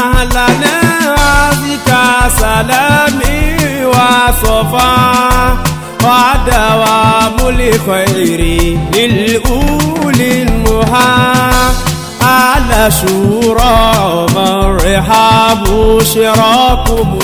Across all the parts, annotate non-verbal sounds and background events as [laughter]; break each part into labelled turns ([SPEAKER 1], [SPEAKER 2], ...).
[SPEAKER 1] أهلا بك سلامي وصفا ودوام الخير للأولي المها على شورى مرحب شراكم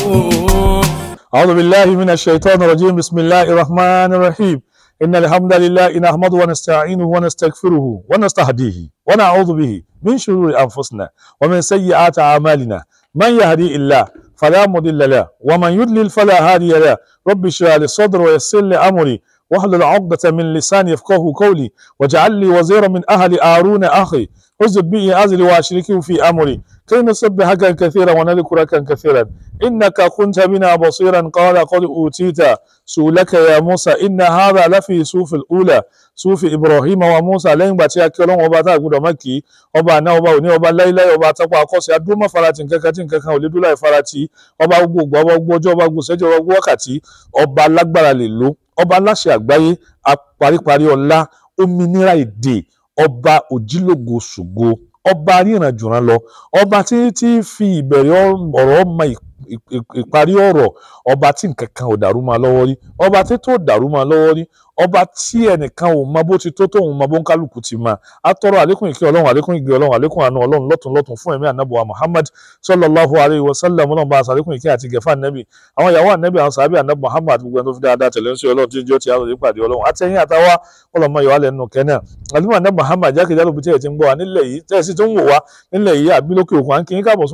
[SPEAKER 1] أعوذ بالله من الشيطان الرجيم بسم الله الرحمن الرحيم إن الحمد لله نحمده ونستعينه ونستغفره ونستهديه ونعوذ به من شرور أنفسنا ومن سيئات أعمالنا من يهدي الله فلا مضل له ومن يضلل فلا هادي له رب اشرح لي صدري ويسر لي أمري واحلل عقدة من لساني يفقهوا قولي واجعل لي وزيرا من أهل هارون أخي ازد بي أزري وأشركه في أمري كي نسبحك كثيرا ونذكرك كثيرا إنك كنت بنا بصيرا قال قد أوتيت سؤلك يا موسى إن هذا لفي سوف الأولى سوف إبراهيم وموسى لين باتي أكلون وباتا أقول مكي ọba àná ọba òní ọba láíláí ọba àtàpọ̀ àkọsí adúmọ̀ farati nkankan tí nkankan ò lè dúró láì farati ọba gbogbo ọba gbogbo ọjọ́ ọba gbogbo ṣẹ́jọ́ ọba gbogbo wákàtí ọba alágbára lè lò ọba aláṣẹ àgbáyé àparíparí ọlá òmìnira èdè ọba òjìlógo ṣògo ọba ríran jùran lọ ọba tí tí fi ìbẹ̀rẹ̀ ọ̀rọ̀ ọmọ ìpín. ìparí ọ̀rọ̀ ọba tí nǹkan kan ò dàrú máa lọ́wọ́ rí ọba tí tó dàrú máa lọ́wọ́ rí ọba tí ẹnìkan ò mọ bó ti tó tóun mọ bó ń kálukú ti máa atọ́rọ̀ àlékún ìkẹ́ ọlọ́run àlékún ìgbẹ́ ọlọ́run àlékún àánú ọlọ́run lọ́tún lọ́tún fún ẹ̀mí sallallahu alayhi wa sallam ọlọ́run bá àsàlékún ìkẹ́ àti gẹ̀fà nẹ́bì àwọn ìyàwó ànẹ́bì àwọn sàábì ànẹ́bì muhammad gbogbo ẹni tó fi dáadáa tẹ̀lé ń sọ ọlọ́run tí ti ọlọ́run àti ẹ̀yìn àtàwá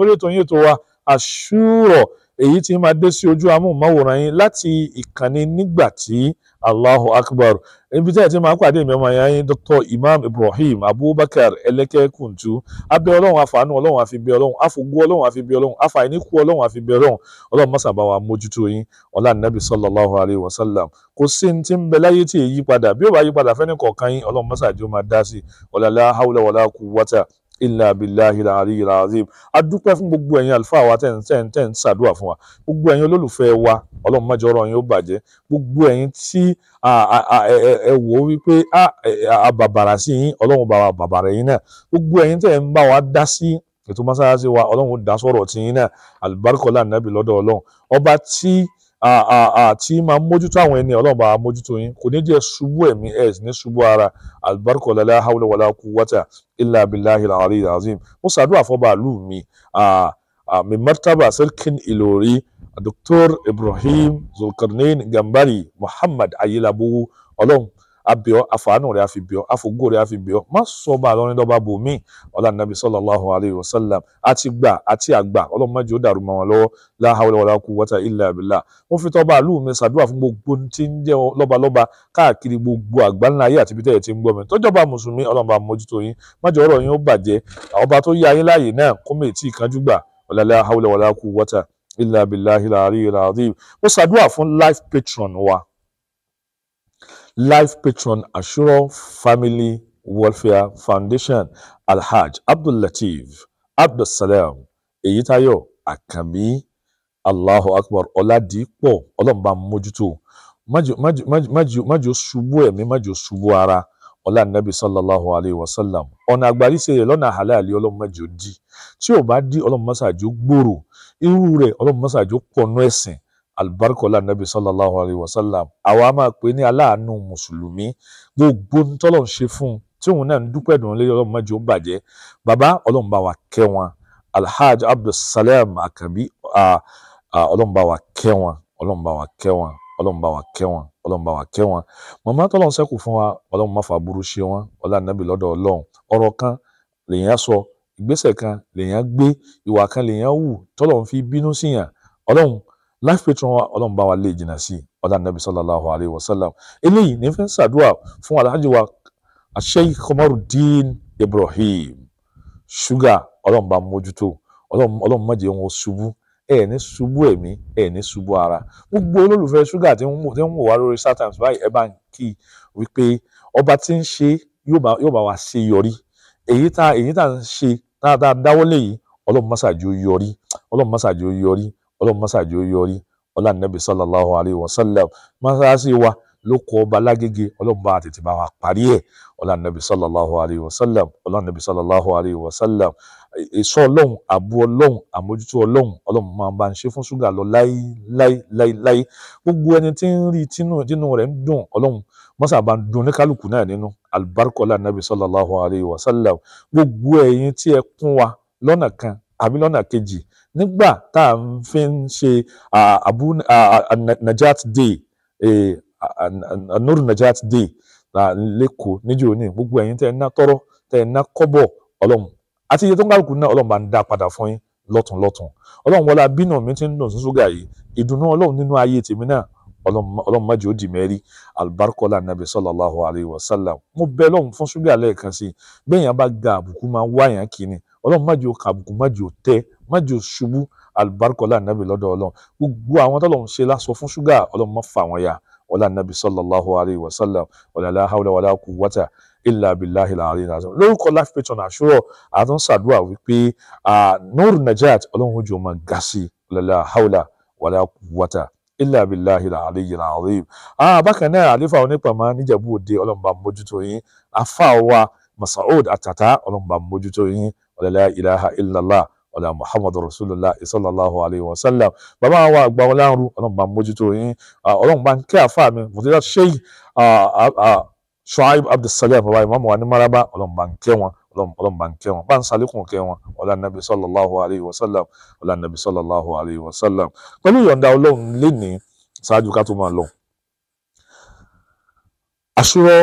[SPEAKER 1] ọlọ́mọ àṣúrọ̀ èyí tí máa dé sí ojú amóhùnmáwòrán yín láti ìkànnì nígbà tí allahu akbar ibi tẹ́ ẹ̀ ti máa ń pàdé ìmọ̀ ẹ̀yà yín dr imam ibrahim abubakar ẹlẹ́kẹ́ kùntù abẹ́ ọlọ́run àfààní ọlọ́run àfibí ọlọ́run àfogún ọlọ́run àfibí ọlọ́run àfàìníkù ọlọ́run àfibí ọlọ́run ọlọ́run mọ́sàbá wa mójútó yín ọlá nàbì sallallahu alayhi wa sallam kò sí ní ti ń bẹ láyé tí èyí padà bí ó bá yí padà fẹ́ni kọ̀ọ̀kan yín ọlọ́run mọ́sàájú máa dá sí ọ̀làlá haúlẹ̀ wọ̀lá kú wátà ilà abilahil aliyu azim adúpẹ́ fún gbogbo ẹ̀yin àlùfáà wa tẹ̀ǹ tẹ̀ǹ tẹ̀ǹ ṣàdúrà fún wa gbogbo ẹ̀yin olólùfẹ́ wa ọlọ́run má jẹ́ ọ̀rọ̀ yín ó bàjẹ́ gbogbo ẹ̀yin tí ẹ wò ó wípé àbàbàrà sí yín ọlọ́run bàbà bàbàrà yín náà gbogbo ẹ̀yin tẹ̀ ń bá wa dá sí ètò mọ́sálásí wa ọlọ́run ó dá sọ̀rọ̀ tiyín náà àlùbáríkọ́lá nàbì lọ́dọ̀ ọlọ́run ọba tí àti máa mójútó àwọn ẹni ọlọ́run bá mójútó yín kò ní jẹ́ ṣubú ẹ̀mí ẹ̀ ní ṣubú ara alibarika ọ̀làlá hawla wàlá quwwata illa billahi al-ali al-azim mo ṣàdúrà fọba àlù mi mi martaba sarkin ilori dr ibrahim zulkarnain gambari muhammad ayilabu ọlọ́run abiọ afaanu rẹ afi biọ afogo rẹ afi biọ má sọ ọba àlọrin dọba bò mí ọlá nàbí sallallahu alayhi wa sallam àti gbà àti àgbà ọlọmọ mẹjọ dàrú mọ wọn lọ́wọ́ la hawla wala quwwata illa billah wọn fi tọba àlù mi ṣàdúrà fún gbogbo tí ń jẹ lọbalọba káàkiri gbogbo àgbáńlá ayé àti bítẹ̀ tí ń gbọ́ mi tọ́jọba mùsùlùmí ọlọ́mọba mójútó yín májọ ọ̀rọ̀ yín ó bàjẹ́ ọba tó yá yín láàyè náà kọ́mẹ̀ tí ìkanjú gbà ọ̀là la hawla wala quwwata illa billahi al-ali al-azim mo ṣàdúrà fún life patron wa life patron Ashura Family Welfare Foundation Alhaj Abdul Abdulsalam Eyitayo Akanbi Allahu Akbar Ọládìpọ̀ ọlọ́mọba mójútó májò ṣubú ẹ̀mí Maju ṣubú ara ọlá nàbì sallallahu alayhi wa sallam ọ̀nà àgbàríṣe rẹ̀ lọ́nà àhàlàlì ọlọ́mọdé ò di tí ò bá di ọlọ́mọdé mọ́sàájú gbòòrò irú rẹ̀ ọlọ́mọdé mọ́sàájú pọ̀nú ẹ̀sìn alibarikola nabi sallallahu alayhi wa sallam àwa máa pè ní aláàánú mùsùlùmí gbogbo tọ́lọ̀ ń ṣe fún un tí òun náà ń dúpẹ́ dùn lé ọlọ́run mọ́jọ ń bàjẹ́ bàbá ọlọ́run bá wa kẹ́ wọn alhaj abdulsalam akabi ọlọ́run bá wa kẹ́ wọn ọlọ́run bá wa kẹ́ wọn ọlọ́run bá wa kẹ́ wọn ọlọ́run bá wa kẹ́ wọn màmá tọ́lọ́run ṣẹ́kù fún wa ọlọ́run má fa burú ṣe wọn ọlá nàbì lọ́dọ̀ ọlọ́run ọ̀rọ̀ kan lèèyàn sọ ìgbésẹ̀ kan lèèyàn gbé ìwà kan lèèyàn wù tọ́lọ́run fi bínú síyàn ọlọ́run life patron wa ọlọ́run bá wa lè jìnnà sí ọ̀dà nàbì sallallahu alayhi wa sallam eléyìí ní fẹ́ sàdúrà fún alhaji wa Sheikh Komarudeen Ibrahim ṣúgà ọlọ́run bá mójútó ọlọ́run má jẹ́ wọn ṣubú ẹ ní ṣubú ẹ̀mí ẹ ní ṣubú ara gbogbo olólùfẹ́ ṣúgà tí ń wò wá lórí StarTimes báyìí ẹ bá ń kí wípé ọba tí ń ṣe yóò bá wa ṣe yọrí èyí tá èyí tá ń ṣe tá a dáwọ́lé yìí ọlọ́run má ṣàjò yọrí ọlọ́run má ṣàjò yọrí ọlọ́run mọ́sàájú yọrí ọlá nàbì sallallahu alayhi wa sallam mọ́sàásì wa ló kọ́ ọba lágége ọlọ́run bá tètè bá wa parí ẹ̀ ọlá nàbì sallallahu alayhi wa sallam ọlá nàbì sallallahu alayhi wa sallam èso ọlọ́run àbú ọlọ́run àmójútó ọlọ́run ọlọ́run máa bá ń ṣe fún ṣúgà lọ láí láí láí láí gbogbo ẹni tí ń rí tínú rẹ̀ ń dùn ọlọ́run mọ́sà bá ń dùn ní kálukú náà nínú alibarikola nabi sallallahu alayhi wa sallam gbogbo ẹ̀yin tí ẹ kún wa lọ́nà kan àbí lọ́nà kejì nígbà tá à fi ń ṣe abu najat day e, nuru najat day lẹ́kọ̀ọ́ níjọ́ ní gbogbo ẹ̀yin tẹ́ ẹ ná tọ́rọ́ tẹ́ ẹ ná kọ́bọ̀ ọlọ́run àti iye tó ń kálukú náà ọlọ́run bá ń dá padà fún yín lọ́tún lọ́tún ọlọ́run wọlé abínà mi ti ń dùn sísúgà yìí ìdùnnú ọlọ́run nínú ayé tèmi náà ọlọ́run má jẹ́ ó di mẹ́rí albarkola nabi sallallahu alayhi wa sallam mo bẹ ọlọ́run fún ṣúgà lẹ́ẹ̀kan sí i bẹ́ẹ̀ yẹn bá ga àbùkù máa wá yẹn kí ọlọ́run má jẹ́ o kàbùkù má jẹ́ o tẹ́ má jẹ́ o ṣubú alibarika ọlá nàbì lọ́dọ̀ ọlọ́run gbogbo àwọn tọ́lọ́run ṣe lásọ fún ṣúgà ọlọ́run má fà wọ́n ya ọlá nàbì sallallahu alayhi wa sallam ọ̀làlá hawla wàlá quwwata illa billahi al-ali al-azim lórúkọ life patron àṣùrọ̀ àtún ṣàdúrà wípé nur najat ọlọ́run ojú ọmọ ga sí ọ̀làlá hawla wàlá quwwata illa billahi al-ali al-azim. bákan náà àlefa onípàmọ́ níjàmbá òde ọlọ́run bá mójútó yín afáwa masaud àtàtà ọlọ́run bá mójútó yín la ilaha illallah ọ̀là muhammadu rasulullah sallallahu alayhi wa sallam bàbá wa àgbà wọn láàrú ọlọ́run bá mójútó yín ọlọ́run bá ń kí àfa mi mùtúlá sheyi shuaib abdulsalam bàbá ìmáàmù wa ní maraba ọlọ́run bá ń kẹ́ wọn ọlọ́run bá ń kẹ́ wọn bá ń salékùn kẹ́ wọn ọlá nàbí sallallahu alayhi wa sallam ọlá nàbí sallallahu alayhi wa sallam pẹ̀lú ìyọ̀ǹda ọlọ́run lénìí ṣáájú ká tó máa lọ. àṣùrọ̀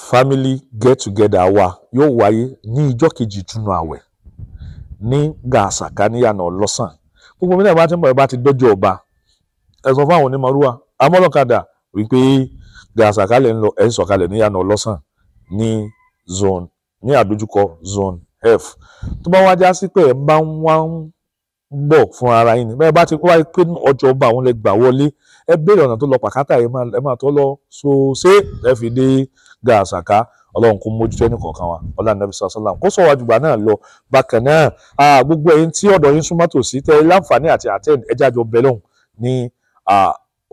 [SPEAKER 1] family get-together wa yóò wáyé ní ijọ́ kejì ìtúnu àwẹ̀ ní gàṣàkà níyànà ọlọ́sàn gbogbo mílíọ̀nù bá ti ń bọ̀ ẹ bá ti dọ́jọ́ ọba ẹ sọ fún àwọn onímọ̀rúwà amọ́lọ́kadà wípé gàṣàkà lè ń lọ ẹ̀ ń sọ̀kalẹ̀ níyànà ọlọ́sàn ní zone ní àdójúkọ zone f tó bá wájá sí pé ẹ bá ń wá ń bọ̀ fún ara yín ni bẹ́ẹ̀ bá ti wáyé pé ọjọ́ ọba àwọn lè gbà wọlé ẹ béèrè ọ̀nà tó lọ pàkátà ẹ máa ẹ máa tọ́ lọ ṣoṣe ẹ fi dé gàṣàká ọlọ́run kó mójútó ẹnì kọ̀ọ̀kan wa ọlọ́run nàbí sọ sọ́lá kó sọ̀rọ̀ àjùgbà náà lọ bákan náà gbogbo ẹ̀yin tí ọ̀dọ̀ yín súnmọ́ tòsí tẹ láǹfààní àti àtẹn ẹja jọ bẹ lọ́hùn ní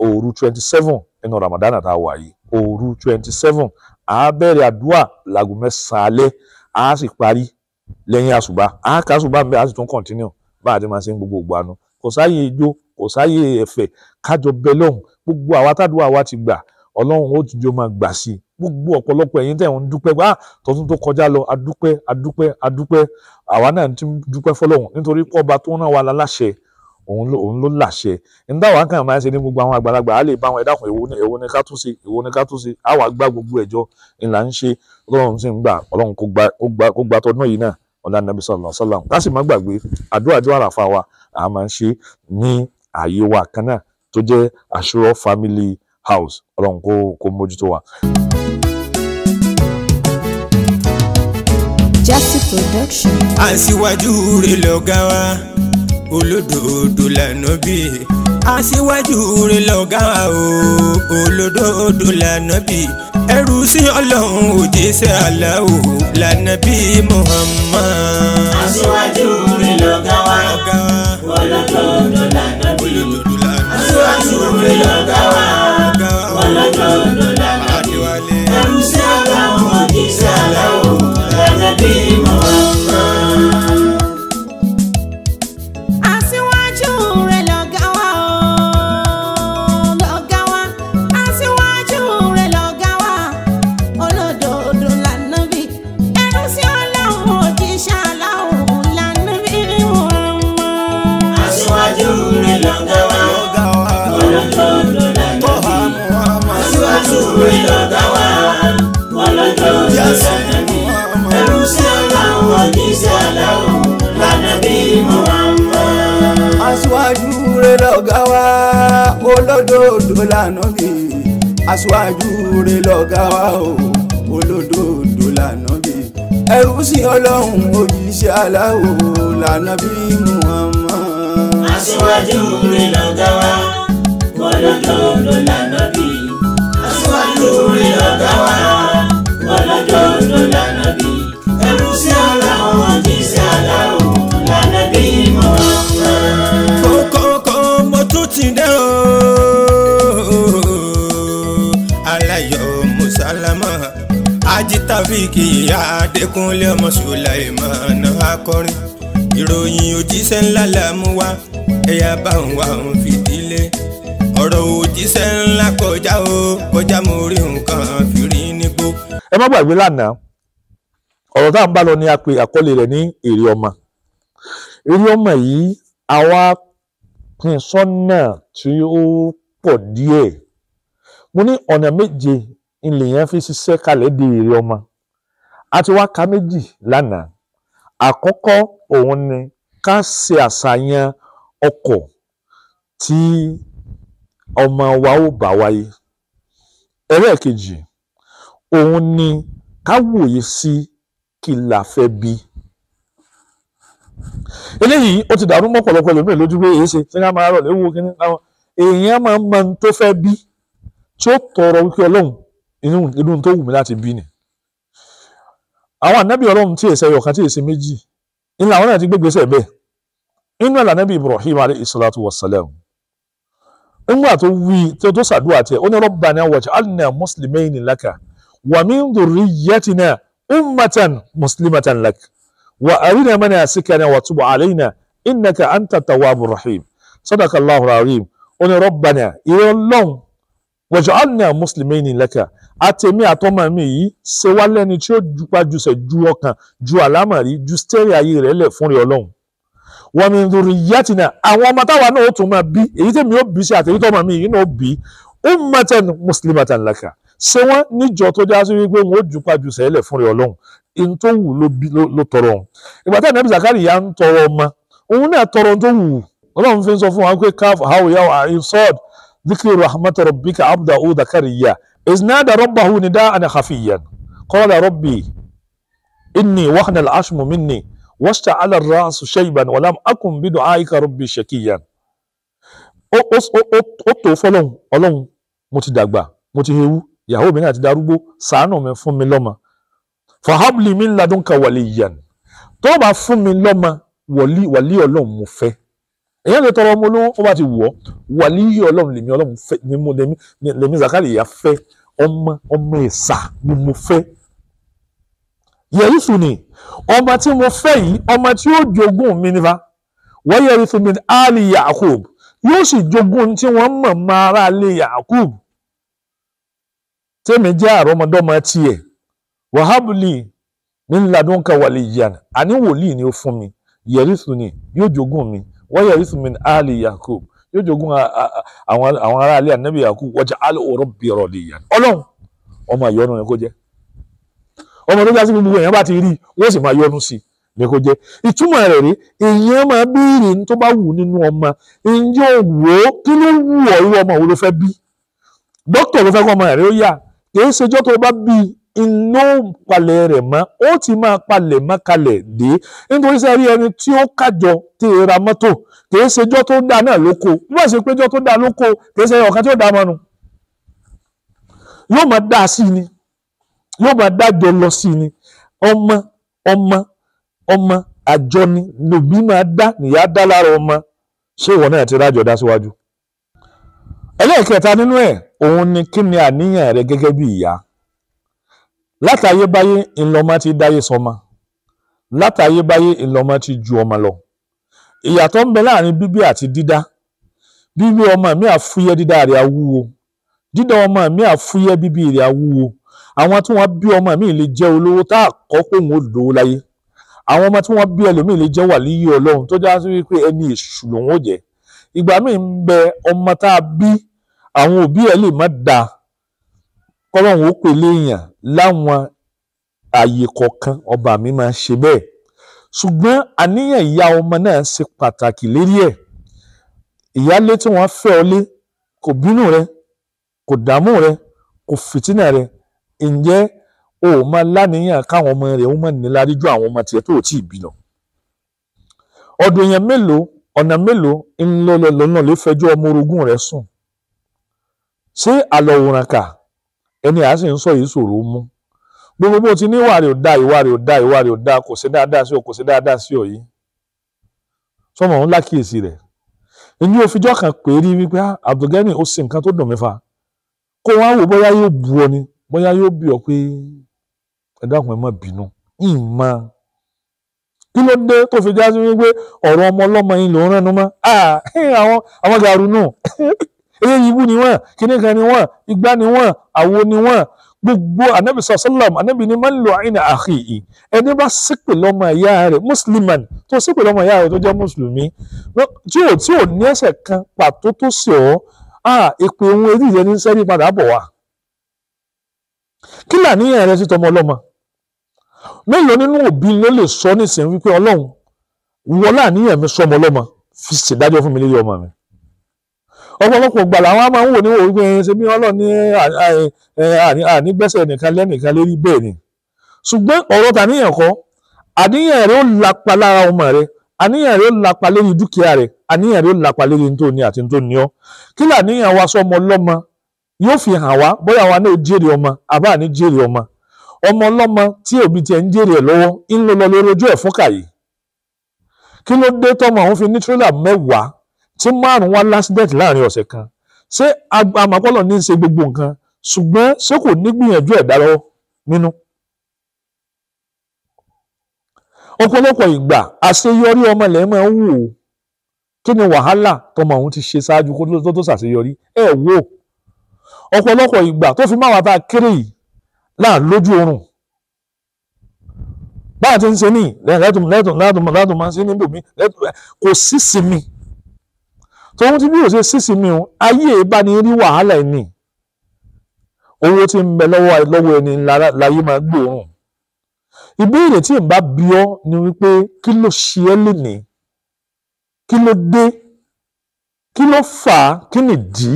[SPEAKER 1] òru twenty seven nínú Ramadan tá a wà yìí òru twenty seven a bẹ̀rẹ̀ àdúrà láago mẹ́sàn-án alẹ́ a sì parí lẹ́yìn àṣùbà a kà àṣùbà ń bẹ a sì tún continue bá máa ṣe ń gbogbo ògbà nu kò sáàyè ijó kò sáyè ẹ̀fẹ̀ kájọ bẹ lọ́hùn gbogbo àwa tádùá wa ti gbà ọlọ́run ó ti jọ máa gbà sí i gbogbo ọ̀pọ̀lọpọ̀ ẹ̀yin tẹ̀ ń dúpẹ́ wá ah, tọ́tún tó kọjá lọ adúpẹ́ adúpẹ́ adúpẹ́ àwa náà ti dúpẹ́ fọlọ́hùn nítorí pọ́ba tó rán wa láláṣẹ òun ló òun ló làṣẹ nígbà wàá kàn máa ń ṣe ní gbogbo àwọn àgbàlagbà á lè bá wọn ẹ dákun èwo ni èwo ni ká tún ṣe èwo ni ká tún ṣe á wàá gbá gbogbo ẹjọ́ ńlá ń ṣe ọlọ́run sì ń gbà ọlọ́run kó gba kó gba kó gba tọdún yìí náà ọlá nàbí sallallahu ká sì má gbàgbé àdúrà àdúrà àràfà wa à máa ń ṣe ní ààyè wa kan náà tó jẹ́ àṣùrọ̀ family house ọlọ́run kó kó mójútó wa. Jasi production. àṣìwájú rẹ̀ lọ́gá wa olódodo lànà bíi aṣíwájú rẹ̀ lọ́gá wa o olódodo lànà bíi ẹrú sí ọlọ́run òjíṣẹ́ aláwo lànà bíi Muhammad. aṣíwájú rẹ̀ lọ́gá wa olódodo òwe ló gbà wá wọn lọ́jọ́ ló lágbàdì ẹrú sí àgbà wọn kì í sí àgbà lànàbì aṣáájú rẹ̀ lọ́gá wa o olódodo lànàbì ẹrú sí ọlọ́run òjíṣẹ́ aláwo lànàbì Muhammad. aṣáájú rẹ̀ lọ́gá wa olódodo lànàbì aṣáájú rẹ̀ lọ́gá wa olódodo lànàbì ẹrú sí ọlọ́run òjíṣẹ́ aláwo lànàbì Muhammad. kókó kó mo tún ti dé o. sálámọ̀ ajitafiki adékúnlé ọmọ sùláìmọ̀nà akọrin ìròyìn òjíṣẹ́ ńlá la mú wá ẹ̀yà bá ń wá ń fìdílé ọ̀rọ̀ òjíṣẹ́ ńlá kọjá o kọjá mo rí nǹkan fìrí nígbó. ẹ má gbàgbé lánàá ọ̀rọ̀ tá à ń bá lọ ni a pè àkọlé rẹ̀ ní èrè ọmọ èrè ọmọ yìí àwa pín tí ó pọ̀ díẹ̀ mo ní ọ̀nà méje ilẹ̀ yẹn fi ṣiṣẹ́ kalẹ̀ di èrè ọmọ a ti wá ka méjì lánàá àkọ́kọ́ òun ni ká ṣe àṣàyàn ọkọ̀ tí ọmọ wa ó bá wáyé ẹlẹ́ẹ̀kejì òun ni ká wòye sí kí la fẹ́ bí eléyìí ó ti dàrú mọ́pọ̀lọpọ̀ ẹlòmíràn lójú pé èyí ṣe tí wọ́n máa rọ̀ léwu kínní láwọn èèyàn máa ń mọ ohun tó fẹ́ bí tí ó tọrọ wípé ọlọ́run inú inú tó wù mí láti bí ni àwọn ànábì ọlọ́run tí èsẹ̀ ọ̀kan tí èsì méjì ńlá àwọn náà ti gbégbèsè bẹ́ẹ̀ inú ẹ̀ lànàbì Ibrahim alayhi salatu wa salam ńgbà tó wí tó tó sàdúrà tẹ ó ní Rabbana waj'alna muslimayni laka wa min dhurriyyatina ummatan muslimatan laka wa arina manasikana wa tub alayna innaka anta tawwabur rahim sadaqallahu alazim ó ní Rabbana ìrọ̀lọ́hùn waj'alna ni laka àtẹ̀mí àtọmọ mi yìí ṣe wá lẹ́ni tí ó jupa jùṣẹ̀ ju ọkàn ju àlámọ̀rí ju stẹ́rì ayé rẹ̀ lẹ̀ fúnri ọlọ́run wa min dhurriyyatina àwọn ọmọ táwa náà ó tún máa bí èyí tèmi ó bí sí àtẹ̀yí tọmọ mi yìí náà ó bí ummatan muslimatan laka ṣé wọ́n níjọ tó já sí wípé wọn ó jupa jùṣẹ̀ lẹ̀ fúnri ọlọ́run in tó wù ló tọrọ òun ìgbà tí ànábì Zakariya ń tọrọ ọmọ wa pé ذكر رحمة ربك عبده ذكريا إذ نادى ربه نداء خفيا قال ربي إني وهن العشم مني واشتعل الرأس شيبا ولم أكن بدعائك ربي شكيا ó tó fọlọ́hún ọlọ́hún mo ti dàgbà mo ti hewu ìyàwó mi náà ti darúgbó ṣàánú mi fún mi lọ́mọ fahabli min ladunka waliyan tó bá fún mi lọ́mọ wàlí wàlí ọlọ́hún mo fẹ́ èyàn lè tọrọ ọmọ olówó ó bá ti wọ̀ wà níyì ọlọ́run lèmi ọlọ́run fẹ́ lèmi lèmi Zakariya fẹ́ ọmọ ọmọ ẹ̀sà ni mo fẹ́ yẹ̀rìsù ni ọmọ tí mo fẹ́ yìí ọmọ tí ó jogún mi nípa wọ́n yẹ̀rìsù min ali Yakub yóò sì jogún tí wọ́n mọ̀ máa ra lé Yakub tẹ́mi jẹ́ àrọ́mọdọ́mọ tiẹ̀ wàhábùlì min ladunka wàlíyàn àní wòlíì ni ó fún mi yẹ̀rìsù ni yóò jogún mi wọ́n yẹ rísùn min ali yakub yóò jogún àwọn ará alẹ́ ànábì yakub wọ́jà ali ọ̀rọ̀ bìrọ̀ lè yàn ọlọ́run ọmọ àyọ́nù rẹ kó jẹ́ ọmọ tó jásí gbogbo èèyàn bá ti rí wọ́n sì máa yọ́nú sí ni kó jẹ́ ìtumọ̀ rẹ̀ rí èèyàn máa béèrè ní tó bá wù nínú ọmọ ìyẹn ò wò ó kí ló wù ọ́ irú ọmọ wo ló fẹ́ bí dókítà ló fẹ́ kọ́ ọmọ rẹ̀ ó yà kì í ṣe jọ́ bá bí iná palẹ̀ rẹ̀ mọ́ ó ti máa palẹ̀ mọ́ kalẹ̀ dé nítorí sẹ́rí ẹni tí ó kájọ tí ì ra mọ́tò kìí ṣejọ́ tó dáa náà lóko wọ́n ṣe péjọ́ tó dáa lóko kìí ṣe ọ̀kan tí ó dáa mọ́nu yóò máa dáa sí ni yóò máa dájọ lọ sí ni ọmọ ọmọ ọmọ àjọ ni lòbí máa dá nìyá dá lára ọmọ ṣé ìwọ náà ti rájọ dá síwájú ẹlẹ́ẹ̀kẹta nínú ẹ̀ òun ni kí ni àníyàn rẹ gẹ́gẹ́ bí ìyá látayébáyé ńlọmọ ti dáyé sọmọ látayébáyé ńlọmọ ti ju ọmọ lọ ìyàtọ̀ ń bẹ láàrin bíbí àti dídá bíbí ọmọ mi àfúyẹ́ dídá rẹ̀ awúwo dídá ọmọ mi àfúyẹ́ bíbí rẹ̀ awúwo àwọn tí wọ́n bí ọmọ mi lè jẹ́ olówó tá a kọ́ pé òun ò dòwó láyé àwọn ọmọ tí wọ́n bí ẹlòmíì lè jẹ́ wàlíyé ọlọ́run tó já wípé ẹni èṣù lòun ò jẹ́ ìgbà míì ń bẹ ọmọ tá a bí àwọn òbí ẹ̀ lè má dáa kọ́lọ́hún ó pèlè èèyàn láwọn ààyè kọ̀ọ̀kan ọba mi máa ń ṣe bẹ́ẹ̀ ṣùgbọ́n àníyàn ìyá ọmọ náà ṣe pàtàkì lérí ẹ̀ ìyálé tí wọ́n fẹ́ ọ lé kò bínú rẹ kò dààmú rẹ kò fìtínà rẹ ǹjẹ́ o ò máa láníyàn káwọn ọmọ rẹ ó mọ̀ níláàrí ju àwọn ọmọ tiẹ̀ tó o tí ì bí lọ. ọdún yẹn mélòó ọ̀nà mélòó ńlọlọlọ́nà lè fẹjọ́ ọmọ orogún rẹ sùn ṣé àlọ́ òrànkà ẹni à ń sì ń sọ yìí ṣòro mú gbogbo bó ti ní ìwà rẹ̀ ò da ìwà rẹ̀ ò da ìwà rẹ̀ ò da kò ṣe dáadáa sí ọ kò ṣe dáadáa sí ọ yìí sọmọ òun lákìyèsí rẹ̀ ẹni yóò kan pè é rí wípé ah, Abdulgani ó ṣe nǹkan tó dùn mí fa kó wá wò bóyá yóò bu ọ ni bóyá yóò bí ọ pé ẹ dákun ẹ má bínú ìmọ̀ kí ló dé tó fi já sí wípé ọ̀rọ̀ ọmọ ọlọ́mọ yìí ló ń rẹ́nu mọ́ ah, [laughs] àwọn gàrú nù [laughs] eléyìí ibú ni wọ́n kíní kan ni wọ́n igbá ni wọ́n àwo ni wọ́n gbogbo anabi sàlám anabi ni man lu'ina akhihi ẹni bá ṣépè lọ́mọ ìyá rẹ̀ musliman tó ṣépè lọ́mọ ìyá rẹ̀ tó jẹ́ mùsùlùmí tí ò tí ò ní ẹ̀ṣẹ̀ kan pàtó tó ṣe ọ́ èpè òun eré ìyẹn ní sẹ́rí padà bọ̀ wá kí làníyàn rẹ sí tọmọ ọlọ́mọ mélòó nínú òbí ló lè sọ nísìnyí wípé ọlọ́run wọlé àníyàn mi sọmọ ọlọ́mọ fi ṣèdájọ́ fún mi lórí ọmọ mi ọ̀pọ̀lọpọ̀ gbà làwọn máa ń wò ní òwe ṣe bí ọlọ́ọ̀ ní ànígbẹ́sẹ̀ nìkan lẹ́nìkan lérí bẹ́ẹ̀ ni ṣùgbọ́n ọ̀rọ̀ tàníyàn kọ́ àníyàn rẹ ó lapa lára ọmọ rẹ àníyàn rẹ ó lapa dúkìá àníyàn ó lapa tó ní àti tó ní kí làníyàn wa sọmọ yóò fi hàn wá bóyá wa náà jèrè ọmọ àbá jèrè ọmọ ọmọ ọlọmọ tí òbí tiẹ̀ ń jèrè ẹ̀ lọ́wọ́ ń lọ lọ lórí ojú ẹ̀ fún kàyé fi ní tírélà ṣé márùn-ún wá lásìdẹ̀tì láàrin ọ̀sẹ̀ kan ṣé àmàpọ̀lọ̀ ní í ṣe gbogbo nǹkan ṣùgbọ́n ṣé kò ní gbìyànjú ẹ̀dá lọ́wọ́ nínú. ọ̀pọ̀lọpọ̀ ìgbà àṣeyọrí ọmọ ilẹ̀ máa ń wò ó kí ni wàhálà tọmọ òun ti ṣe ṣáájú kó tó ṣàṣeyọrí ẹ̀ wò ó ọ̀pọ̀lọpọ̀ ìgbà tó fi máa wà tá a kéré yìí láàrin lójú oorun báà ti ń ṣe ní lẹ́tùn lẹ́tùn lẹ́tùn lẹ́tùn máa níbòmí kò sí sinmi tòun ti bí òṣè sísì mi o ayé ìbáni rí wàhálà ẹ̀ ní owó tí ń bẹ lọ́wọ́ lọ́wọ́ ẹni láyé máa gbòòrùn ìbéèrè tí n bá ọ́ ni wípé kí ló ṣe ẹ́ lénìí kí ló dé kí ló fà á kí nìdí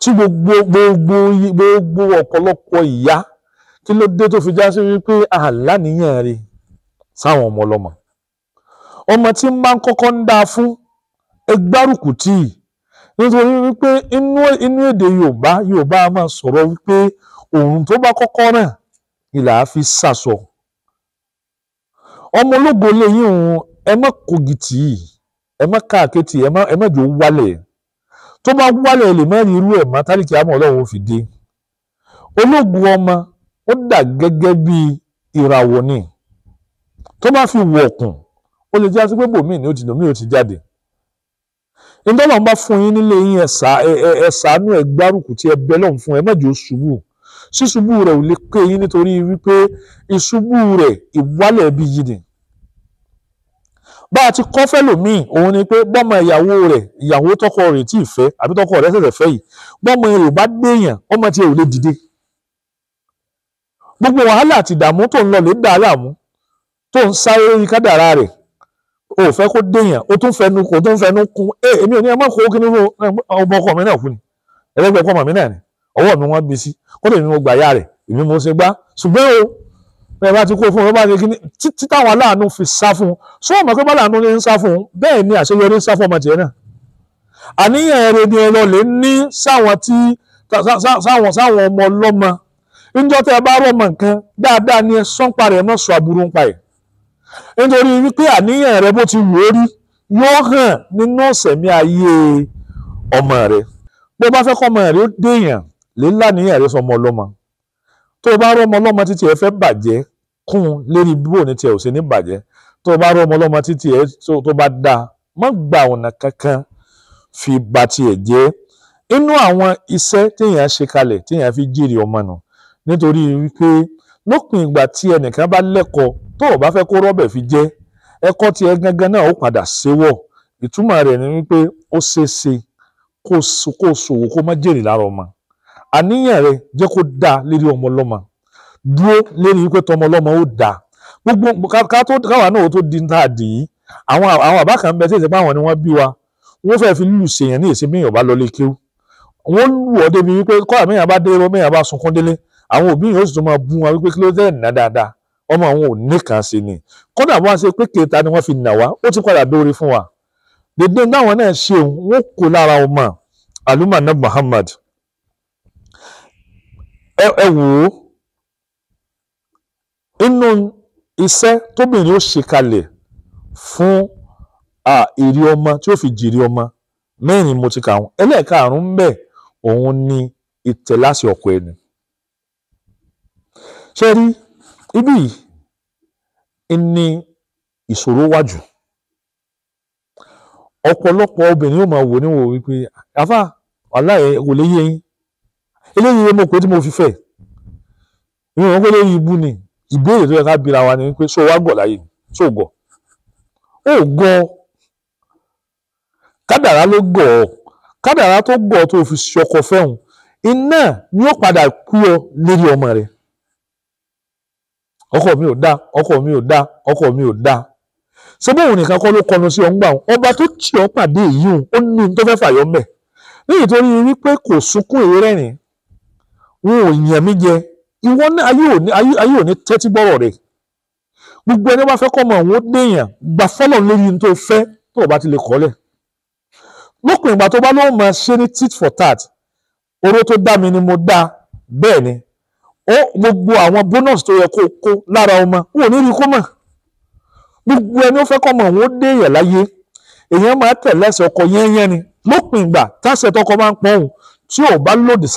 [SPEAKER 1] tí gbogbo gbogbo gbogbo ọ̀pọ̀lọpọ̀ ìyá kí ló dé tó fi já sí wípé àlá nìyẹn rè sáwọn ọmọ ọlọ́mọ ọmọ tí ń bá kọ́kọ́ ń dáa fún ẹ gbárùkù tì í nítorí wípé inú èdè Yorùbá Yorùbá a máa sọ̀rọ̀ wípé òun tó bá kọ́kọ́ fi sàsọ ọmọ ológo lẹ́yìn òun ẹ má kogi tì í ẹ má káàkiri ẹ ẹ má jò wálẹ̀ tó bá wálẹ̀ lè má rí irú ẹ̀ tálíkì àmọ́ Ọlọ́run fi dé ológun ọmọ ó dà gẹ́gẹ́ bí ìràwọ̀ ni tó bá fi ó lè pé bòmíì ni ó ti ti jáde. nítorí wọn bá fún yín nílé yín ẹ̀sà ẹ̀sàánú ẹ̀ gbárùkù tí ẹ bẹ́ lọ́n fún ẹ má jẹ́ ṣubú ṣíṣubú rẹ̀ ò lè pé yín nítorí wípé ìṣubú rẹ̀ ìwálẹ̀ bí yìí ni. bá a ti kọ́ fẹ́lòmíì òun ni pé bọ́mọ ìyàwó rẹ̀ ìyàwó tọkọ rẹ̀ tí ì fẹ́ àbí tọkọ rẹ̀ ṣẹ̀ṣẹ̀ fẹ́ yìí bọ́mọ rẹ̀ bá déèyàn ọmọ tiẹ̀ ò lè dìde. gbogbo wàhálà àti ìdààmú tó ń lọ lè dá láàmú tó ń sáré kádàrá rẹ̀ o fẹ́ kó déyàn o tún fẹnu kò tún fẹnu kun ẹ èmi ò ní ẹ má kó kíní fún ọmọ ọkọ mi náà kú ni ẹlẹgbẹ ọkọ mi náà ni ọwọ́ mi wọ́n gbé sí kódà èmi mo gbà ya rẹ̀ èmi mo ṣe gbá ṣùgbọ́n o bẹ́ẹ̀ bá ti kó fún un bá ti kíní títí táwọn aláàánú fi sá fún un sọ ọmọ pé báláàánú ni ń sá fún un bẹ́ẹ̀ ni àṣeyọrí ń sá fún ọmọ tiẹ̀ náà àníyàn ẹ̀rọ ni ẹ̀rọ lè ní sáwọn tí sáwọn sáwọn ọmọ ọlọ́mọ níjọ́ tẹ́ ẹ bá rọ̀ mọ̀ ń nítorí wípé àníyàn rẹ bó ti wò ó rí yóò hàn nínú ìṣẹ̀mí ayé ọmọ rẹ bó bá fẹ́ kọ́ ọmọ rẹ ó déèyàn léla níyàn rẹ sọmọ ọlọ́mọ tó o bá rọ ọmọ ọlọ́mọ títí ẹ fẹ́ bàjẹ́ kún un lérí bó ní tiẹ̀ ò sí ní bàjẹ́ tó o bá rọ ọmọ ọlọ́mọ títí ẹ tó bá dá má gba ọ̀nà kankan fi ba tiẹ̀ jẹ́ inú àwọn iṣẹ́ téèyàn ṣe kalẹ̀ téèyàn fi jèrè ọmọ nù nítorí wípé lópin ìgbà tí ẹnìkan bá lẹ́kọ̀ọ́ tó o bá fẹ́ kó rọ́bẹ̀ fi jẹ́ ẹ̀kọ́ tiẹ̀ gangan náà ó padà ṣéwọ̀ ìtumọ̀ rẹ̀ ni wípé ó ṣeé ṣe kó o ṣòwò kó má jèrè lára ọmọ àníyàn rẹ jẹ́ kó dáa lérí ọmọ ọlọ́mọ dúró lérí wípé tọmọ ọlọ́mọ ó dáa gbogbo ká tó káwa náà ó tó di tá a dì í àwọn àwọn àbá kan bẹ tí èsì pé àwọn ni wọ́n bí wa wọ́n fẹ́ẹ́ fi lù ṣèyàn ní èsì bíyàn bá lọlé kéwú wọ́n lù ọ́ débi wípé kọ́ra mẹ́yàn bá dé mẹ́yàn bá sunkún délé àwọn òbí yìí ó sì tún máa bú wọn wípé kí ló dé ẹ̀ ná dáadáa ọmọ àwọn ò níkan sí ni kódà wọn ṣe pé kèéta ni wọn fi nà wá ó ti padà dóore fún wa dèdè náwọn náà ṣe wọn kó lára ọmọ alumana Muhammad ẹ ẹ wò ó inú iṣẹ́ tóbìnrin ó ṣe kalẹ̀ fún èrè ọmọ tí ó fi jèrè ọmọ mẹ́rin mo ti kà ẹlẹ́ẹ̀karùn-ún bẹ́ẹ̀ òun ni ìtẹ̀láṣẹ ọkọ ẹni ṣé rí ibi yìí ni ìṣòro wà jù ọ̀pọ̀lọpọ̀ obìnrin yóò máa wò níwò wípé àfà wàláhì kò lè yé yín eléyìí yé mo pé tí mo fi fẹ́ ìwé wọn pé lórí ibú ni ìbéèrè tó yẹ ká bira wa ni wípé ṣó wá gọ̀ láyé ṣó gọ̀ ó gọ̀ kádàrá ló gọ̀ ọ́ kádàrá tó gọ̀ tó fi ṣọkọ fẹ́hùn iná ni ó padà kú ọ lérí ọmọ rẹ̀ ọkọ mi ò dá ọkọ mi ò dá ọkọ mi ò dá ṣé bóun nìkan kọ́ ló kọnu sí ọ̀ngbà òun ọba tó tì ọ́ pàdé yìí òun ó ní tó fẹ́ fàyọ́ mẹ́ lẹ́yìn tó rí wípé kò sunkún èrè rẹ́rìn wọn ò yàn mí jẹ ìwọ náà ayé ò ní tẹ́tí gbọ́rọ̀ rẹ̀ gbogbo ẹni bá fẹ́ kọ́ ọmọ òun ó déèyàn gbà fọ́lọ̀ lórí ní tó fẹ́ tó o bá ti lè kọ́lẹ̀ lópin ìgbà tó bá lóun máa ṣe ní tit for tat oró tó dá mi ni mo dá bẹ́ẹ̀ ni ó gbogbo àwọn bonus tó yẹ kó kó lára ọmọ wò ní rí kó gbogbo ẹni ó fẹ́ kọ́ mọ̀ wọ́n dé láyé èèyàn máa tẹ̀lé ẹsẹ̀ ọkọ ni lópin ìgbà táṣẹ tọkọ máa ń òun tí ò bá lòdì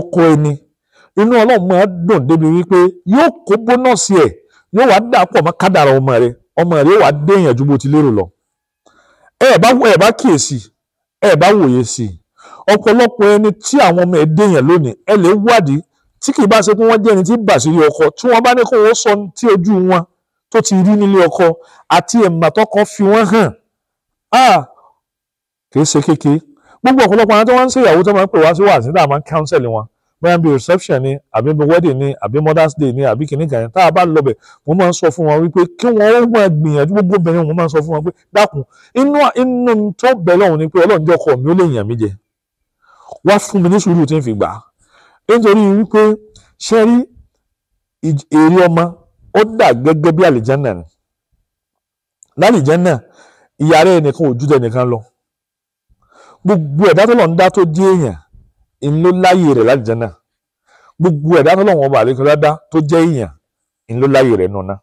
[SPEAKER 1] ọkọ ẹni inú máa dùn débi wípé yóò kó yóò wá dà kádàrà ọmọ rẹ ọmọ rẹ yóò ẹ bá ọ̀pọ̀lọpọ̀ ẹni tí àwọn ọmọ ẹ̀dẹ́ yẹn lónìí ẹ lè wádìí tí kì í bá ṣe pé wọ́n jẹ́ ẹni tí ń bàṣírí ọkọ tí wọ́n bá ní kó wọ́n sọ tí ojú wọn tó ti rí nílé ọkọ àti ẹ̀mà tọkọ fi wọ́n hàn á kì í ṣe kéke gbogbo ọ̀pọ̀lọpọ̀ àwọn tó wọ́n ń ṣe ìyàwó tó máa pè wá sí wàásù tá máa ń counsel wọn bóyá bíi reception ni àbí bíi wedding ni àbí mother's day ni àbí kìnnìkan yẹn tá a bá lọ bẹ̀ mo máa ń sọ fún wọn wípé kí wọ́n ó máa gbìyànjú gbogbo obìnrin mo máa ń sọ fún wọn pé dákun inú tó bẹ̀ lọ́hùn ni pé ọlọ́run jọkọ̀ mi ó lè yàn mí jẹ wá fún mi ní sùúrù tí n fi gbà á nítorí wípé ṣe rí èrè ọmọ ó dà gẹ́gẹ́ bí àlìjánà ni lálìjánà ìyá rẹ̀ nìkan ò ju tẹnìkan lọ gbogbo ẹ̀dá tó lọ́n dá tó dé èèyàn ńlọ láyè rẹ̀ lálìjánà gbogbo ẹ̀dá tó lọ́n ọba àlekọ́ dá tó jẹ́ èèyàn ńlọ láyè rẹ̀ nùnà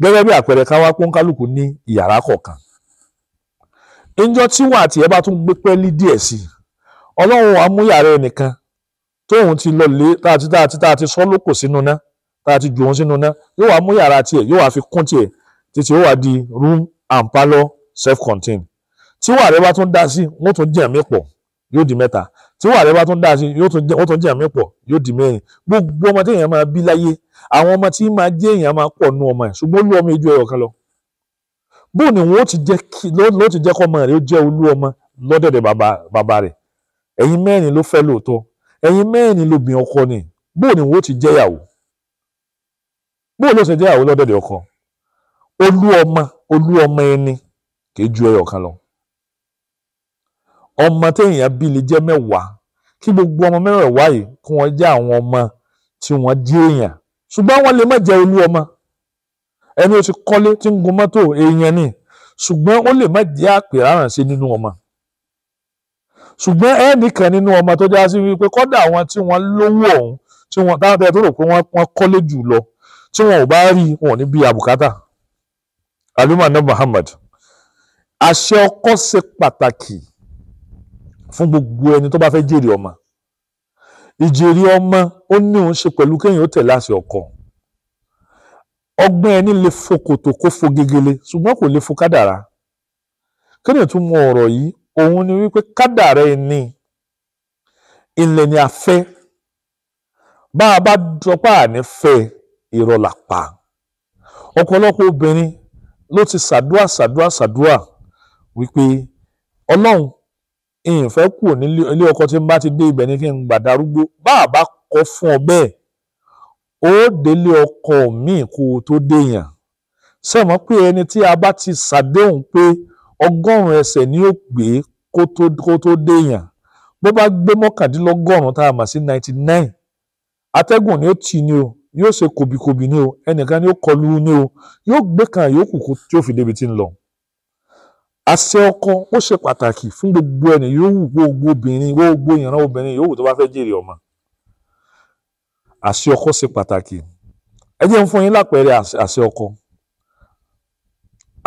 [SPEAKER 1] gẹ́gẹ́ bí àpẹẹrẹ káwá pọ́nkálùkù ní ìyàrá kọ̀ọ̀kan ìjọ tí wọ́n àti ẹ̀ bá tún gbé pẹ́ẹ́lí díẹ̀ sí ọlọ́run amúyà rẹ nìkan tóun ti lọ lé táàtì táàtì táàtì sọ lóko sínú ná táàtì jù òun sínú ná yóò wá mú yàrá tiẹ̀ yóò wá fi kún tiẹ̀ títí ó wá di room and parlour self-contained tí wàá rẹ bá tún dá sí wọ́n tún jẹ̀ mí pọ̀ yóò di mẹ́ta tí wàá rẹ bá tún dá sí wọ́n tún jẹ̀ mí pọ̀ yóò di mẹ́rin gbogbo ọmọ tí èèyàn máa bí láyé àwọn ọmọ tí máa jẹ́ èèyàn máa pọ̀ nú ọmọ ẹ̀ ṣùgbọ́n olú ọmọ ìjọ ẹ̀yọ̀ kan lọ bóun ni wọn ó ti jẹ́ kọ́ ọmọ rẹ̀ ó jẹ́ olú ọmọ lọ́dọ̀dẹ̀ bàbá rẹ̀ ẹ̀yin mẹ́rin ló fẹ́ lóòótọ́ ẹ̀yin mẹ́rin lóbìn ọkọ ni bóò ni wọ́n ti jẹ́yàwó bóò ló ṣe jẹ́yàwó lọ́dọ̀dẹ̀ ọkọ olú ọmọ olú ọmọ ẹni kì í ju ẹyọ kan lọ ọmọ téèyàn bí lè jẹ́ mẹ́wàá kí gbogbo ọmọ mẹ́wàá yìí kí wọ́n jẹ́ àwọn ọmọ tí wọ́n di èèyàn ṣùgbọ́n wọ́n lè má jẹ́ olú ọmọ ẹni ó ti kọ́lé tí ń gun mọ́tò èèyàn ni ṣùgbọ́n ó lè má jẹ́ àpè àrànṣe nínú ọmọ ṣùgbọ́n ẹnìkan nínú ọmọ tó já sí wípé kọ́dà àwọn tí wọ́n lówó ọ̀hún tí wọ́n táwọn tẹ́lẹ̀ tó rò pé wọ́n kọ́lé jù lọ tí wọn ò bá rí wọn ní bí àbùkátà alimana Muhammad àṣẹ ọkọ ṣe pàtàkì fún gbogbo ẹni tó bá fẹ́ jèrè ọmọ ìjèrè ọmọ ó ní òun ṣe pẹ̀lú kéèyàn ó tẹ̀lé àṣẹ ọkọ ọgbọ́n ẹni lè fo kó fo gegele ṣùgbọ́n kò lè fo kádàrá kéèyàn tún mú ọ̀rọ̀ yìí òun ni wípé kádàrá ẹni ilẹ̀ ni a fẹ́ bá a bá dọ́pá àní fẹ́ irọ́ pa ọ̀pọ̀lọpọ̀ obìnrin ló ti ṣàdúà ṣàdúà ṣàdúà wípé ọlọ́run ìfẹ́ kù ní ilé ọkọ tí n bá ti dé ibẹ̀ ni kí n gbà darúgbó bá a bá kọ́ fún ọ bẹ́ẹ̀ ó délé ọkọ míì kó o tó déyàn sẹ́mọ́ pé ẹni tí a bá ti ṣàdéhùn pé ọgọ́rùn-ún ẹsẹ̀ ni yóò gbé kó tó déèyàn bó bá gbé mọ́kàndínlọ́gọ́rùn-ún tá a mọ̀ sí ninety nine atẹ́gùn ni ó tì ní o yóò ṣe kòbìkòbì ní o ẹnìkan ni ó kọlu ní o yóò gbé kan yòókù kó tí ó fi débi tí ń lọ. àṣẹ ọkọ ó ṣe pàtàkì fún gbogbo ẹni yòówù gbogbo obìnrin gbogbo ìran obìnrin yòówù tó bá fẹ́ jèrè ọmọ. àṣẹ ọkọ ṣe pàtàkì ẹ jẹ́ n fún yín lápẹẹrẹ àṣẹ ọkọ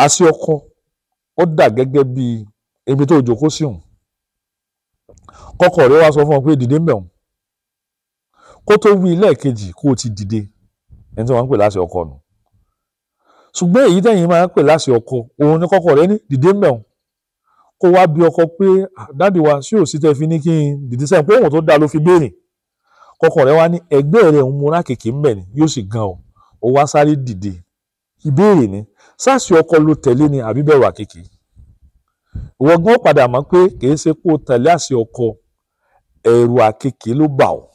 [SPEAKER 1] àṣẹ ọkọ ó dà gẹ́gẹ́ bí ibi tó jókòó sí òun kọ́kọ́ rẹ wá sọ fún ọ pé dìde ń bẹ̀ òun kó tó wí lẹ́ẹ̀kejì kó o ti dìde ẹni tí wọ́n ń pè láṣẹ ọkọ nù ṣùgbọ́n èyí tẹ̀yìn máa ń pè láṣẹ ọkọ òun ni kọ́kọ́ rẹ ní dìde ń kó wá bí ọkọ pé dáàdì wa ṣé ò sí tẹ́ fi ní kí n dìde sẹ́yìn pé òun tó dáa ló fi béèrè kọ́kọ́ rẹ wá ní ẹgbẹ́ rẹ òun múra kèké ń ni yóò sì gan ọ ó wá sáré dìde ìbéèrè ni sars ọkọ ló tẹ̀lé ni àbí bẹ̀rù àkekè ìwọ gan padà mọ̀ pé kìí ṣe pé o tẹ̀lé àṣẹ ọkọ ẹ̀rù àkekè ló bà ọ́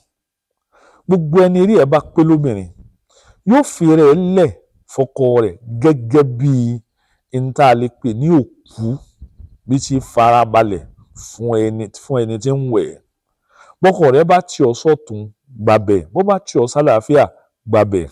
[SPEAKER 1] gbogbo ẹni rí ẹ bá pé lóbìnrin yóò fi rẹ̀ lẹ̀ fọkọ rẹ̀ gẹ́gẹ́ bíi níta lè pè ní òkú bí ti farabalẹ̀ fún ẹni tí ń wẹ̀ bọ́kọ rẹ̀ bá tì ọ́ sọ́tún gbàbẹ̀ bó bá tì ọ́ sálàáfíà gbàbẹ̀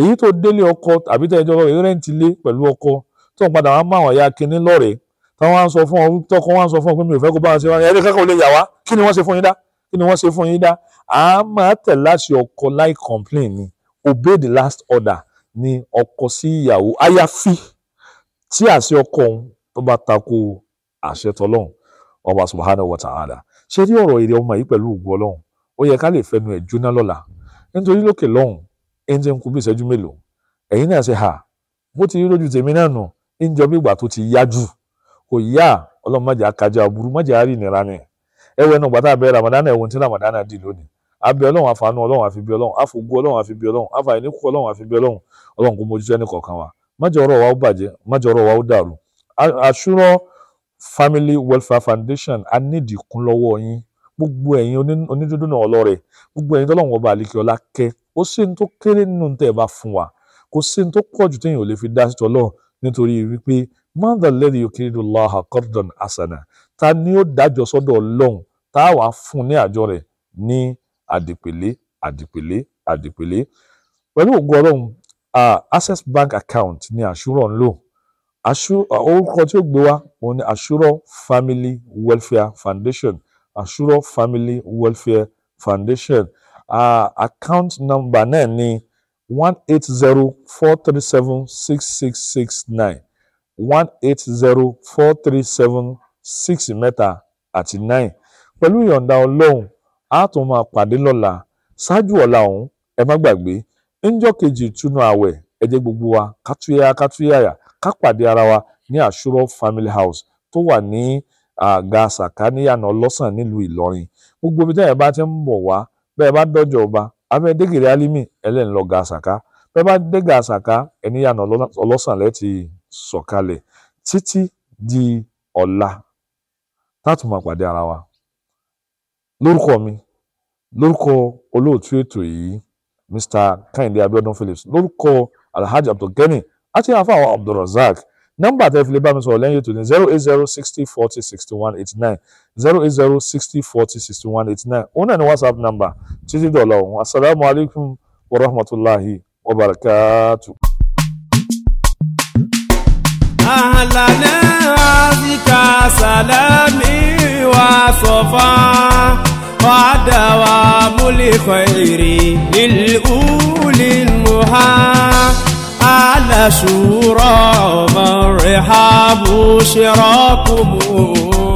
[SPEAKER 1] èyí tó délé ọkọ àbí tẹ́jọ́ rẹ́ǹtì lé pẹ̀lú ọkọ tó ń padà wá mọ àwọn ìyá kinní lọ́rẹ̀ẹ́ táwọn á sọ fún ọ tọkọ wọn á sọ fún ọ pé mi ò fẹ́ kó bá wọn ṣe wọn ẹni kankan ò lè yà wá kí ni wọ́n ṣe fún yín dá kí ni wọ́n ṣe fún yín dá a máa tẹ̀ láti ọkọ láì complain ni obey the last order ni ọkọ sí ìyàwó àyàfi tí àṣẹ ọkọ òun tó bá tako àṣẹ tọlọ́hun ọba subhanahu wa ta'ala ṣe rí ọ̀rọ̀ èrè ọmọ yìí pẹ̀lú ògùn ọlọ́run ó yẹ ká lè fẹnu ẹ̀ jóná lọ́la nítorí lókè lọ́hùn ẹnjẹ ń kú bí ìṣẹ́jú mélòó ẹ̀yin náà ṣe hà bó ti rí lójú tèmi náà nù ń jọ bí ìgbà tó ti yá jù kò yá ọlọ́run má jẹ́ akájọ aburú má jẹ́ àárí ìnira ni ẹwẹ́ náà gbàtà bẹ́ẹ̀ ramadana ẹ̀wọ̀n tí ramadana dì lónìí abẹ́ ọlọ́run àfààní ọlọ́run àfi bí ọlọ́run àfogú ọlọ́run àfi bí ọlọ́run àfàìníkù ọlọ́run àfi bí ọlọ́run ọlọ́run kò mójútó ẹnì kọ̀ọ̀kan wa má ọ̀rọ̀ wa ó bàjẹ́ má ọ̀rọ̀ wa ó dàrú àṣùrọ̀ family welfare foundation a need ìkúnlọ́wọ́ yín gbogbo ẹ̀yin onídùúdùn náà ọlọ́rẹ̀ gbogbo ẹ̀yin tọ́lọ́run ọba àlekè ọlá kẹ́ kò sí ní tó kéré nínú tẹ́ ẹ bá fún wa kò sí ní tó pọ̀ jù téèyàn ò lè fi dá sí tọ́lọ́run nítorí wípé mọ́ńdà lẹ́nu yóò kiri dùn lọ́hà ta ni ó dájọ́ sọ́dọ̀ ọlọ́run tá a wàá fún ní àjọ rẹ̀ ní àdìpèlé àdìpèlé àdìpèlé pẹ̀lú ògo ọlọ́run access bank account ni àṣúrọ̀ ń lò orúkọ tí ó gbé wá òun ni àṣúrọ̀ family welfare foundation àṣúrọ̀ family welfare foundation. uh, account number náà ni one eight zero four three seven six six six nine one eight zero four three seven six àti nine pẹ̀lú ìyọ̀ǹda ọlọ́run a tún máa pàdé lọ́la ṣáájú ọ̀la ọ̀hún ẹ má gbàgbé kejì gbogbo wa kátúyà kátúyàyà ká pàdé ara wa ní family house tó wà ní sàkáníyànà ọlọ́sàn nílùú gbogbo ibi bá ti ń bọ̀ bẹ́ẹ̀ bá dọ́jọ́ ọba abẹ́ dégèrè alimi ẹlẹ́ni lọ ga àṣàká bẹ́ẹ̀ bá dégà àṣàká ẹníyànà ọlọ́sànlẹ̀ ti sọ̀kalẹ̀ títí di ọ̀la táàtù máa pàdé ara wa lórúkọ mi lórúkọ olóòtú ètò yìí Mr. Kehinde Abiodun Phillips lórúkọ Alhaji Abdulgani àti àfàwọn Abdulrasaq nọ́mbà tẹ́ fi lè bá mi sọ̀rọ̀ lẹ́yìn ètò ní zero eight zero sixty forty sixty one eighty nine zero eight zero sixty forty sixty one eighty nine òun náà ni whatsapp number. títí dọ̀la ọ̀hún asalaamualeykum wa rahmatulahi wa barakatu. àlànà àzìkà sàlámì wà sọ̀fà wàdà wà múlẹ̀ kọ́ èrè nílùú lìlùmọ́ ha. على شورى من رحاب شراكم